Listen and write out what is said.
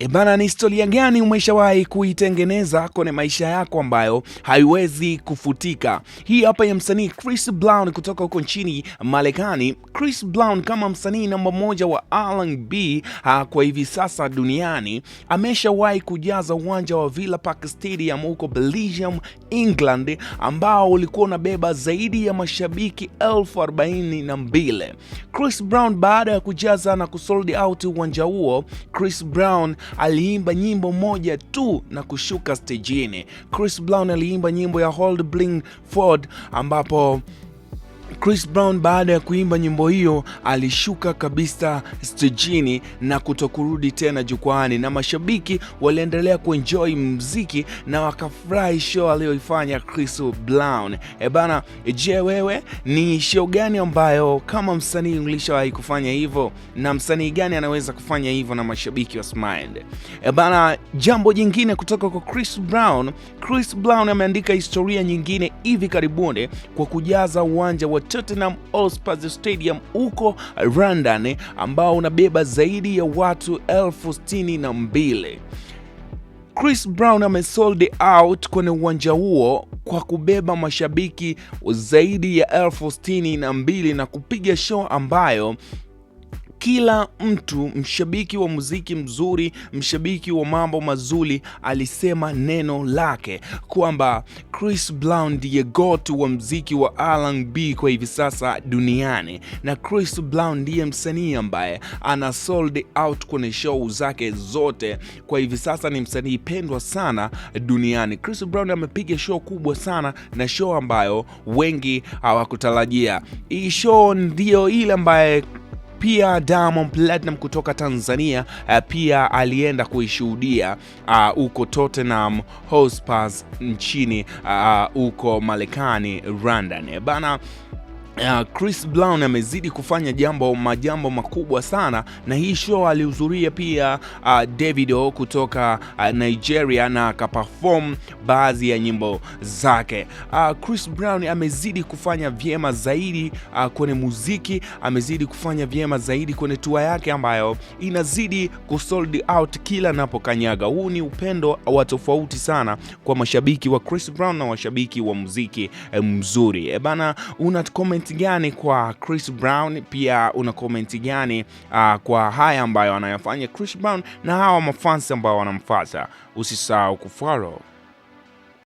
E bana, ni historia gani umeshawahi kuitengeneza kwenye maisha yako ambayo haiwezi kufutika? Hii hapa ya msanii Chris Brown kutoka huko nchini Marekani Chris Brown kama msanii namba moja wa R&B ah, kwa hivi sasa duniani ameshawahi kujaza uwanja wa Villa Park Stadium huko Belgium, England ambao ulikuwa unabeba zaidi ya mashabiki elfu arobaini na mbili. Chris Brown baada ya kujaza na kusold out uwanja huo, Chris Brown aliimba nyimbo moja tu na kushuka stejini. Chris Brown aliimba nyimbo ya Hold Bling Ford ambapo Chris Brown baada ya kuimba nyimbo hiyo alishuka kabisa stejini na kutokurudi tena jukwaani, na mashabiki waliendelea kuenjoy mziki na wakafurahi show aliyoifanya Chris Brown. E bana, je, wewe ni show gani ambayo kama msanii ulishawahi kufanya hivyo, na msanii gani anaweza kufanya hivyo na mashabiki wa Smind? E bana, jambo jingine kutoka kwa Chris Brown, Chris Brown ameandika historia nyingine hivi karibuni kwa kujaza uwanja wa Tottenham Hotspur Stadium huko London ambao unabeba zaidi ya watu elfu sitini na mbili. Chris Brown amesold out kwenye uwanja huo kwa kubeba mashabiki zaidi ya elfu sitini na mbili na kupiga show ambayo kila mtu mshabiki wa muziki mzuri, mshabiki wa mambo mazuri alisema neno lake kwamba Chris Brown ndiye goat wa mziki wa R&B kwa hivi sasa duniani, na Chris Brown ndiye msanii ambaye ana sold out kwenye show zake zote. Kwa hivi sasa ni msanii pendwa sana duniani. Chris Brown amepiga show kubwa sana na show ambayo wengi hawakutarajia. Hii show ndiyo ile ambaye pia Diamond Platinum kutoka Tanzania eh, pia alienda kuishuhudia eh, huko uh, Tottenham Hotspur nchini eh, huko uh, Marekani London bana Uh, Chris Brown amezidi kufanya jambo majambo makubwa sana, na hii show alihudhuria pia uh, Davido kutoka uh, Nigeria na akaperform baadhi ya nyimbo zake. Uh, Chris Brown amezidi kufanya vyema zaidi uh, kwenye muziki, amezidi kufanya vyema zaidi kwenye tua yake ambayo inazidi kusold out kila anapokanyaga. Huu ni upendo wa tofauti sana kwa mashabiki wa Chris Brown na washabiki wa muziki eh, mzuri. E bana, una comment comment gani kwa Chris Brown? Pia una comment gani uh, kwa haya ambayo anayofanya Chris Brown na hawa mafans ambao wanamfuata? Usisahau kufollow.